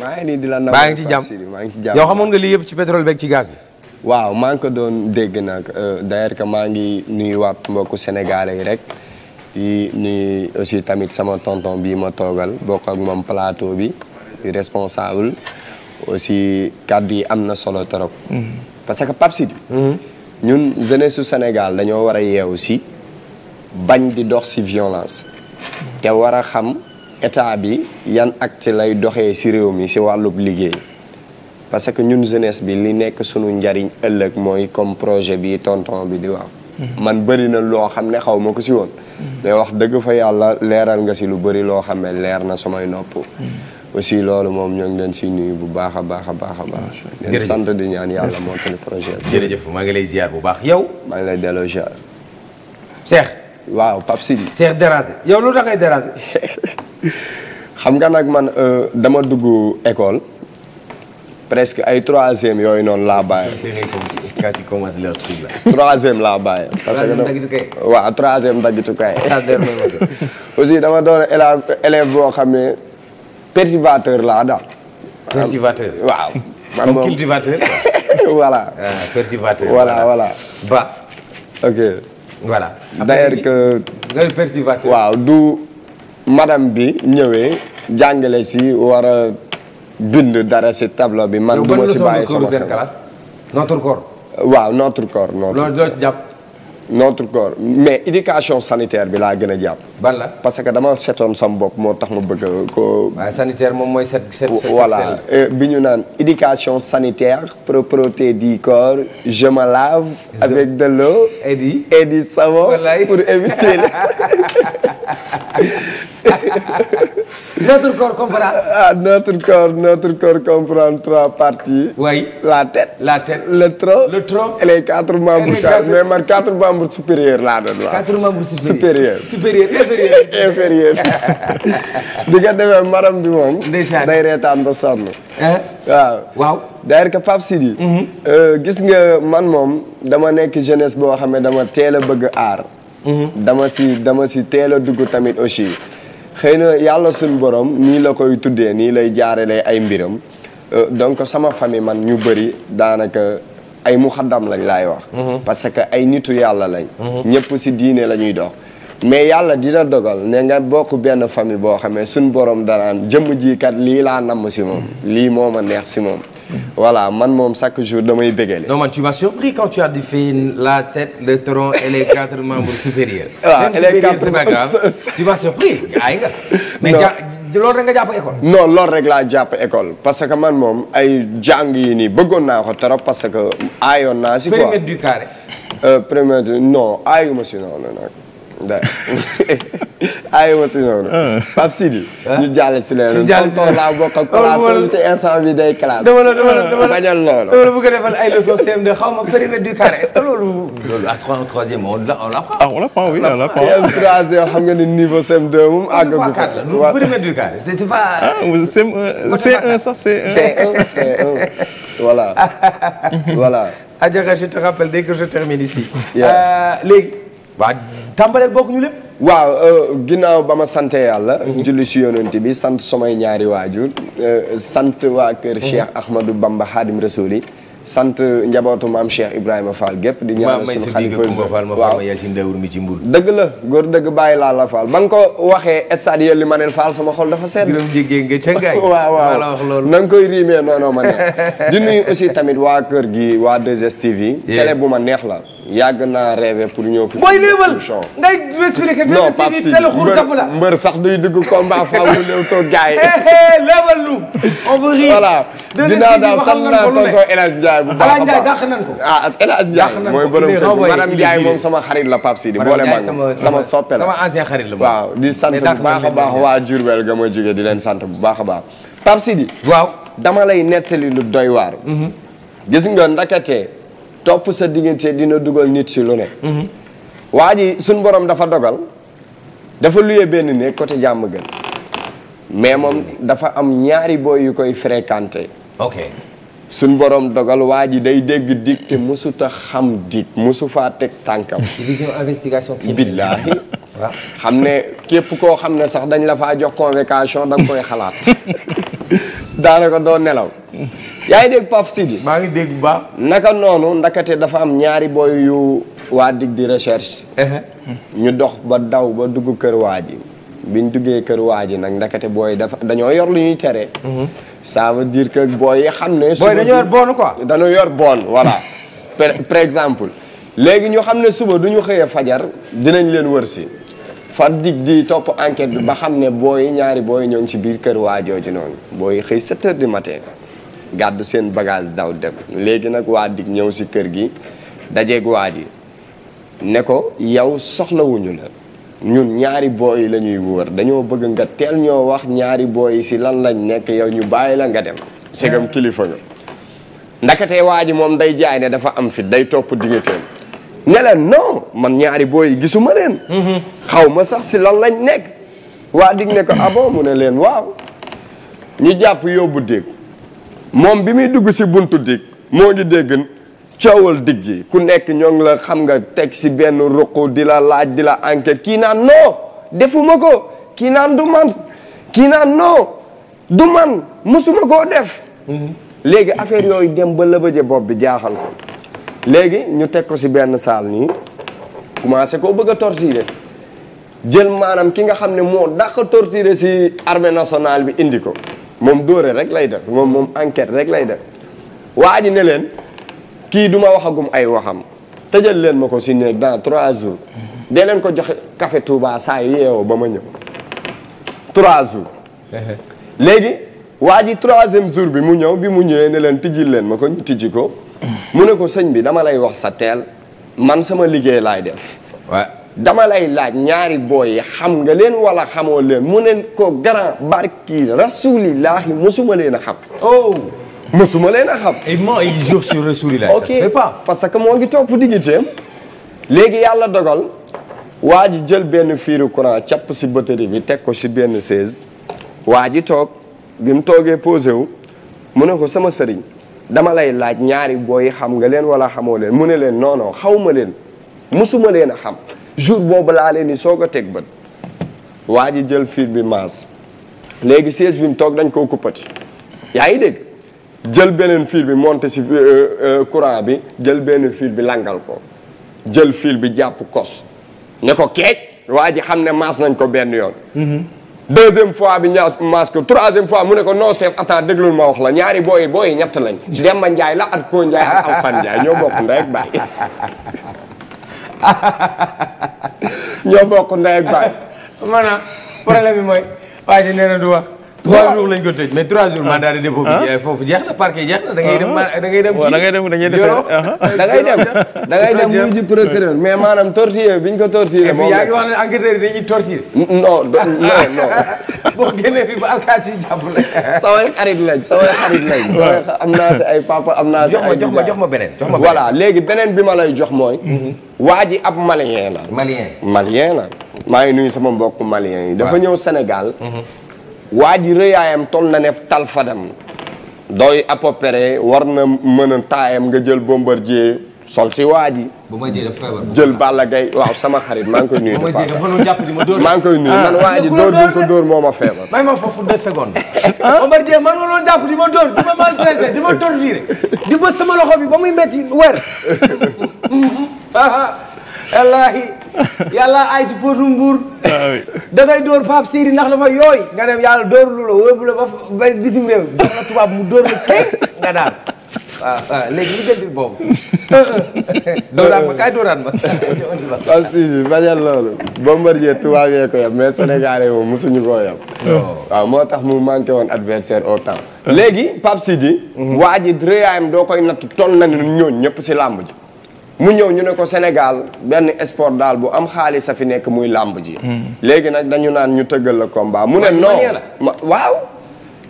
maa ngi nii di la maa ngi ci jàmm maa ngi ci jàmm yow xamoon nga lii yëpp ci pétrole beeg ci gaz bi. waaw maa ngi ko doon dégg nag euh, d'ailleurs que maa ngi nuyuwaat mbokku sénégalais yi rek yi nuyu aussi tamit sama tonton bii ma toogal bokk ak moom plateau bi responsable aussi kàddu yi am na solo trop. Mhm. parce que Pape Sidi. Mhm. ñun jeunesse su Sénégal dañoo war a yeewu si bañ di dox si violence te war xam. état bi yan ak acte lay doxee si réew mi ci wàllub liggéey parce que ñun jeunesse bi li nekk sunu njariñ ëllëg mooy comme projet bi tonton bi di wax mhm. man bëri na loo xam ne xaw ma ko si woon mhm. mais wax dëgg fa yàlla leeral nga si lu bëri loo xam ne leer na samay nopp mhm. aussi loolu moom ñoo leen si nuyu bu baax a baax a baax a baax. jërëjëf sant di ñaan projet jërëjëf maa ngi lay ziar bu baax yow. maa ngi lay delloo waaw Pape Sidi. Cheikh déranger lu tax ngay xam nga nag man euh, dama dugg école presque ay troisième yooyu noonu laa bàyyi. quand tu commences laa bàyyi. parce que nag waaw troisième daggitukaay. aussi dama doon élève boo xam ne perturbateur laa daal. waaw. man moom cultivateur. voilà. Ah, perturbateur voilà ba. ok. voilà. d'ailleurs waaw du. madame bi ñëwee jàngale si war a bind dara si tableau bi man. du ma si bàyyi sama xel notre corps. waaw notre corps. mais éducation sanitaire bi laa gën a jàpp. ban la parce que dama setoon sam bopp moo tax ma bëgg ko moom mooy set set voilà euh, bi ñu naan éducation sanitaire propreté du corps je me lave. avec de l'eau et pour éviter notre corps comprend. ah notre corps comprend trois parties. la tête. la tête le tronc. le tronc et les quatre membres. mais man quatre membres supérieurs laa doon wax. quatre membres supérieurs supérieurs inférieur inférieur. di nga demee maram bi day reetaan ba sonn. Mhm. Euh, man moom dama nekk jeunesse boo xam ne dama teel a bëgg aar. Mm-hmm. dama si dama si teel a dugg tamit aussi xëy na yàlla suñ borom nii la koy tuddee nii lay jaareele ay mbiram euh, donc sama famille man ñu bëri daanaka ay muxaddam lañ laay wax mm-hmm. parce que ay nitu yàlla lañ mm-hmm. ñëpp si diine la ñuy dox mais yàlla dina dogal ne nga bokk benn famille boo xamee suñ borom danaan jëm jii kat lii laa namm si moom lii moom ma neex si moom voilà man moom chaque jour damay bégale. non man tu m'as surpris quand tu as dit fait la tête le tronc et les quatre membres supérieurs. Ah, tu m'as surpris ay nga. mais ja rek nga jàpp école. non loolu rek laa jàpp école parce que man moom ay jàng yi nii bëggoon naa ko trop parce que aayoon naa si quoi périmètre du carré. Euh, périmètre non aayu ma si noonu da aywa si noonu. Ah. Pape Sidi. Ah. ñu jàll si leen. ñu jàll si leen laa bokk ak plateau te instant bi day classe. dama la dama la dama la bëgg a defal ay leçon CM2 xaw ma périmètre du carré est-ce que loolu. loolu à ah, trois troisième on l' apprend. ah on l' apprend oui on l' apprend. troisième xam nga ni niveau CM2 moom àggagu ko. waaw périmètre du carré c' était pas. ah CM1 C1 sax C1. C1 voilà. voilà. Adjara je te rappelle dès que je termine ici. Euh, léegi. waa tàmbalee bokk ñu lépp. waaw euh, ginnaaw ba ma sante yàlla. julli si yonent bi sant samay ñaari waajur. Euh, sant waa kër mhm. Cheikh Ahmadou Bamba Khadim Rassoul sant njabootu maam Cheikh Ibrahima Fall gépp di ñaanal sunu xalifa waaw dëgg la góor dëgg bàyyi laa la Fall ba nga ko waxee stade yëlli ma neel Fall sama xol dafa sedd waaw waaw na koy riimee noonu ma ne di nuyu aussi tamit waa kër gi waa 2STV télé bu ma neex la yàgg naa rêvé pour ñëw fi booy léebal ngay expliqué mbër sax duy dugg combat faaw mu néew toog gaay léebal lu on veut dinaa daal sant naa tonton El Hadj Ndiaye bu a baax dàq nan ko ah El mooy borom sama xarit la Pape Sidi boole ma sama soppe la sama ancien xarit waa Diourbel ga ma di leen sant bu baax a baax Pape Sidi waaw dama lay nettali lu doy waar mm-hmm. gis nga ndakate topp sa diggante dina dugal nit si lu ne mm-hmm. waa suñ borom dafa dogal dafa luyee benn néeg côté jàmm gën mais moom dafa am ñaari booy yu koy fréquenté ok suñ borom dogal waa ji day dégg dig te mosut xam dig mosu faa teg tànkam. division investigation criminelle billaahi xam ne képp koo xam ne sax dañ la faa jox convocation da koy xalaat daanaka doo nelaw. yaa ngi dégg Pape Sidi. maa ngi dégg bu baax. naka noonu ndakate dafa am ñaari boy yu waa dig di recherche. Uh-huh. ñu dox ba daw ba dugg kër waa ji. biñ duggee kër waa ji nag ndakate booy dafa dañoo yor lu ñuy tere. Mhm. ça veut dire booy yi xam ne. booy dañoo dañoo yor bon voilà. exemple léegi ñu xam ne suba du ñu xëyee fajar dinañ leen wër si. far dig di topp enquête bi ba xam ne booy ñaari booy ñoo ngi ci biir kër waa jooju noonu booy xëy 7 heures gàddu seen bagage daw dem léegi nag waa dig ñëw si kër gi dajeeg waa ji ne ko yow soxlawuñu la. ñun ñaari booy yi lañuy ñuy dañoo bëgg nga teel ñoo wax ñaari booy yi si lan lañ nekk yow ñu bàyyi la nga dem segam kilifa nga ndakatee waa ji moom day jaay ne dafa am fit day topp diggateem ne leen man ñaari booy yi gisuma leen mm-hmm. xaw ma sax si lan lañ nekk waa dig ne ko abo ah mu ne leen waaw ñu jàpp yóbbu dégg moom bi muy dugg si buntu dégg moo ngi dégg coowal dig ji ku nekk ñoo ngi la xam nga teg si benn ruq di la laaj di la enquête kii naan non defuma ko kii naan du man kii naan non du man musuma koo def mm-hmm. léegi affaire yooyu dem ba lëbëje bopp bi jaaxal ko léegi ñu teg ko si benn saal nii commencé koo bëgg a torturer jël maanaam ki nga xam ne moo dàq torturer si armée nationale bi indi ko moom dóore rek lay def moom moom enquête rek lay def waa ji ne leen kii du ma waxagum ay waxam tëjal leen ma ko si néeg dans trois jours de leen ko joxe café Touba saa yu yeewoo ba ma ñëw trois jours léegi waa ji troisième jour bi mu ñëw bi mu ñëwee ne leen tijji leen ma ko ñu tijji ko mu ne ko sëñ bi dama lay wax sa teel man sama liggéey laay def waaw dama lay laaj ñaari booy yi xam nga leen wala xamoo leen mu ne ko grand barki rasulillahi masuma leen a xam oh mësuma leen a xam. et moi il joue sur parce que moo ngi topp digiteem. léegi yàlla dogal. waa ji jël benn fiiru courant cap si batterie bi teg ko si benn chaise. waa ji toog bi mu toogee posé wu. mu ne ko sama sëriñ. dama lay laaj ñaari booy xam nga leen wala xamoo leen mu ne leen noonoo non xaw ma leen. mësuma leen a xam. jour boobu laa leen ni soog a teg bët. waa ji jël fiir bi maas. léegi chaise bi mu toog dañ koo kuppati. yaa ngi dégg. jël beneen fiil bi monté ci euh, euh, courant bi jël benn fil bi langal ko jël fil bi jàpp kos ne ko keej waa ji xam ne maas nañ ko benn yoon mhm. deuxième fois bi ñaas maas ko troisième fois mu ne ko non chef attends déglul ma wax la ñaari booyi booyi ñett lañ Demba Njaay la at koo Njaay ak Alsan Njaay ñoo bokk ndey baay ñoo bokk ndey baay maanaam problème bi mooy waa ji nee du wax trois jours lañ ko tëj mais trois jours ah. mandat de dépôt bi ah. foofu jeex na parquet jeex na da ngay dem da ngay dem da ngay dem da ngay dem da ngay dem da ngay dem muy ji procureur mais maanaam torture bi ñu ko torture moom yaa ngi wax ne enquêteurs yi dañuy torture non non non boo génnee fi ba alkaati yi jàpp la samay xarit lañ samay xarit lañ samay am naa si ay papa am naa si ay jox ma jox ma beneen jox ma voilà léegi beneen bi ma lay jox mooy mm-hmm. waa ji ab malien la malien malien la maa ngi nuyu sama mbokk malien yi dafa ñëw Sénégal mm-hmm. waa ji rëyaayam toll na ne talfadam doy à peu war na mën a taayam nga jël Bombardier sol si waa ji. bu ma jëlee jël Balla Gaye waaw sama xarit maa ngi koy nuyu. bu ma jëlee mënul jàpp ji ma dóor maa ngi koy nuyu ah. man waa ji dóor bu ko dóor moo ma feebar. may ma foofu deux secondes. Ah? ma doon jàpp di ma dóor di ma maltraité di ma torturé di ba sama loxo bi ba muy métti weer. Ah, wallaahi. yàlla ay ci potum mbuur da ngay dóor Pape Siri ndax dafa yooy nga dem yàlla dóorlu la wóobu la ba ba bitim réew tubaab mu dóor la kay nga daal waaw waaw léegi ñu jël bi boobu dóoraat ma kaay dóoraat ma Pape Siri bañal loolu Bombardier tubaab yee ko yam mais sénégalais moom mosuñu koo yam waaw moo tax mu manqué woon adversaire au temps euh. léegi Pape Siri mhm. waa ji rëyaayam doo koy natt toll na ni ñooñ ñëpp si làmb ji mu ñëw ñu ne ko Sénégal benn sport daal bu am xaalis a fi nekk muy làmb ji. léegi nag dañu naan ñu tëggal la combat. mu ne non waaw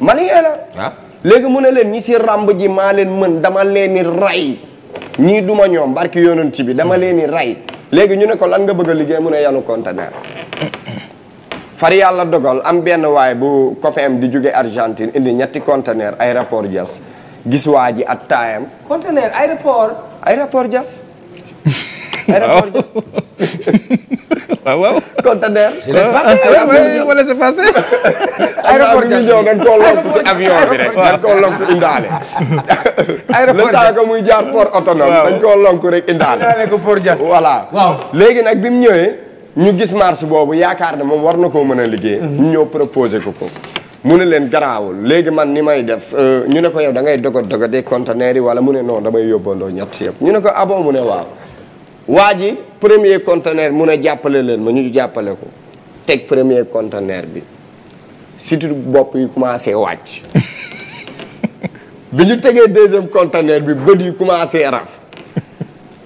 malien la. léegi mu ne leen ñi si ràmb ji maa leen mën dama leen i ñii duma ñoom barki yonent bi dama leen i ray léegi ñu ne ko lan nga bëgg a liggéey mu ne yanu conteneur far yàlla dogal am benn waaye bu COPEM di jóge Argentine indi ñetti conteneur aéroport jas gis waa ji ak taayam conteneur jas aéroport Diop waaw waaw. conteneur. rek. waaw dañ koo nag bi mu ñëwee. ñu gis marche boobu yaakaar ne moom war na koo mën a liggéey. Mm-hmm. ñu ñëw proposé ko ko. ne leen garaawul léegi man ni may def euh, ñu ne ko yow da ngay dogot dogot conteneur yi wala mu ne non damay yóbbandoo ñett si ñu ne ko aboo ah mu ne waaw. waa ji premier conteneur mun a jàppale leen ma ñu jàppale ko teg premier conteneur bi situ bopp yi commencé wàcc bi ñu tegee deuxième conteneur bi bët yi commencé raf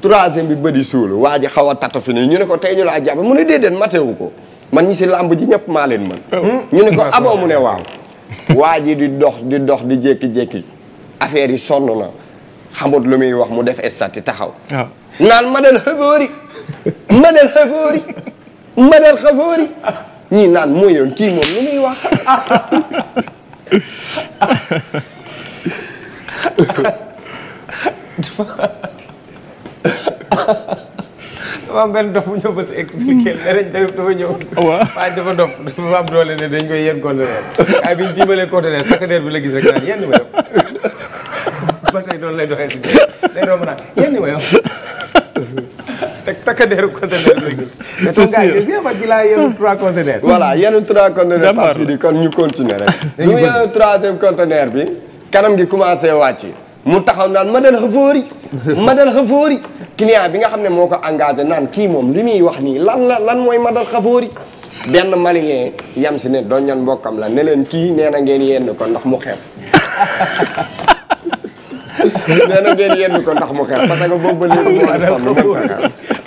troisième bi bët yu suulu waa ji xaw a tata fi ñu ne ko tey ñu laa jàpp mu ne déedéet matewu ko man ñi si làmb ji ñëpp maa leen mën oh. ñu ne ko aboo mu ne waaw waa ji di dox di dox di jékki-jékki affaire yi sonn na xamut lu muy wax mu def estati taxaw ah. naan ma del xafoori ma del xafoori ñii naan mooy yoon kii moom lu muy wax dafa am benn dof bu ñëw ba si expliqué leen ñëw. waaw waaye dafa dof dafa doole ne dañ koy yéen conteneur waaye bi ñu diimalee conteneur conteneur bi la gis rek naan yéen ma yow ba tey lay doxee si biir day romb naan yéen ma yow. takkandeeru conteneur léegi. c'est sûr mais gis parce que a yenu trois conteneurs. voilà yenu kon ñu continuer rek. dañu mu yenu bi. kanam gi commencé wàcc. mu taxaw naan ma del xëfoori ma del xëfoori client bi nga xam ne moo ko engagé naan kii moom li muy wax nii lan lan mooy ma del xëfoori benn malien yam si ne doon ñan mbokkam la ne leen kii nee na ngeen yenn ko ndax mu xeef nee na ngeen yenn ko ndax mu xeef parce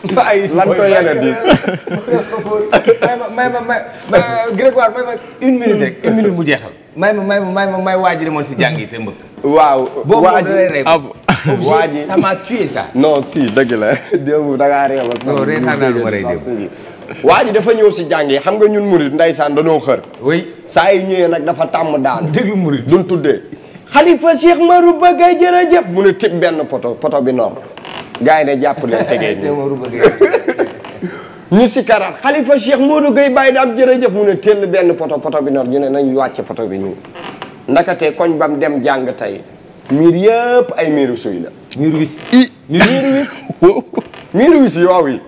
ay lan a diis. may ma may ma may ma rek une ma may waa ji si jàng te mbëkk. waaw waa ji boobu waa ji ça non si dëgg la démb da ngaa réew a. ma rey démb. waa dafa ñëw si jàng yi xam nga ñun murid ndeysaan dañoo xër. oui saa yu ñëwee nag dafa tàmm daal. déglu murid duñ tuddee. xalifa Cheikh Marou Bagay jërëjëf. mu ne tib benn poto poto bi noor. gars yi jàpp leen tegee nii ñu si karaat xalifa Cheikh Modou Gueye bàyyi daam jërëjëf mu ne tell benn poto poto bi noonu ñu ne nañu wàcce poto bi ñu ndakate koñ bam dem jàng tey miir yëpp ay miiru suy la miiru wis i miiru wis miiru wis yi waaw yi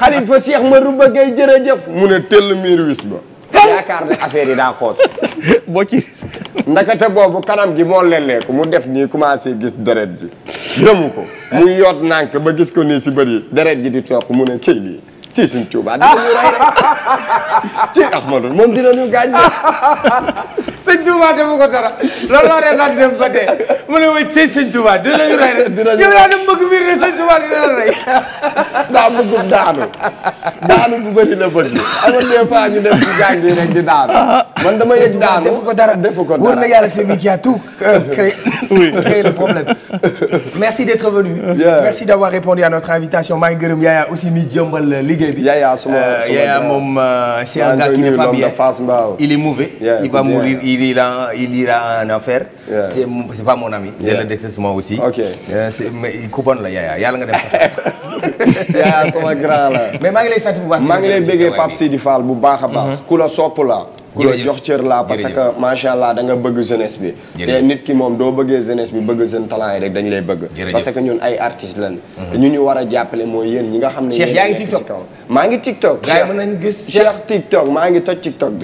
xalifa Cheikh Modou Gueye jërëjëf mu ne tell miiru wis ba yaakaar ne affaire yi daa xoos ci ndakate boobu kanam gi moo lelleeku mu def nii commencé gis deret ji rëmu ko mu yoot nànk ba gis ko nii si bëri deret ji di toq mu ne cëy lii ci suñ Tuubaa dinañu rey rek ci Ahmadu moom dinañu gaañ de sëñ Tuubaa defu ko dara looloo rek daan dem ba dee mu rek dinañu yow tubaab gi dana rey. daa bëgg daanu. daanu bu bëri la bëri. alors des fois ñu dem ci jàng yi rek di daanu. man dama yëg daanu defu ko dara defu ko dara. wóor na yàlla c'est lui qui a tout créé. oui créé le problème. merci d'être venu. merci d'avoir répondu à notre invitation maa ngi gërëm Yaya aussi mi jëmbal liggéey bi. Yaya suma euh, suma Yaya moom euh, c'est un gars qui n'est pas bien. il est mauvais. il va mourir il ira il ira en enfer. c'est c'est pas mon ami. je le déteste moi aussi. ok euh, c'est mais il couponne la Yaya. yàlla nga dem yaa sama grand la mais maa ngi lay sant bu baax maa ngi lay béggee a baax mm-hmm. ku la sopp la ku la jox cër laa parce que macha allah da bëgg jeunesse bi te nit ki moom doo bëggee jeunesse bi bëgg jeune talent yi rek dañ lay bëgg parce que ñun ay artistes lañ mm-hmm. ñu ñu war a jàppale mooy yéen ñi nga xam ne Cheikh yaa ngi TikTok maa ngi TikTok Cheikh mën bi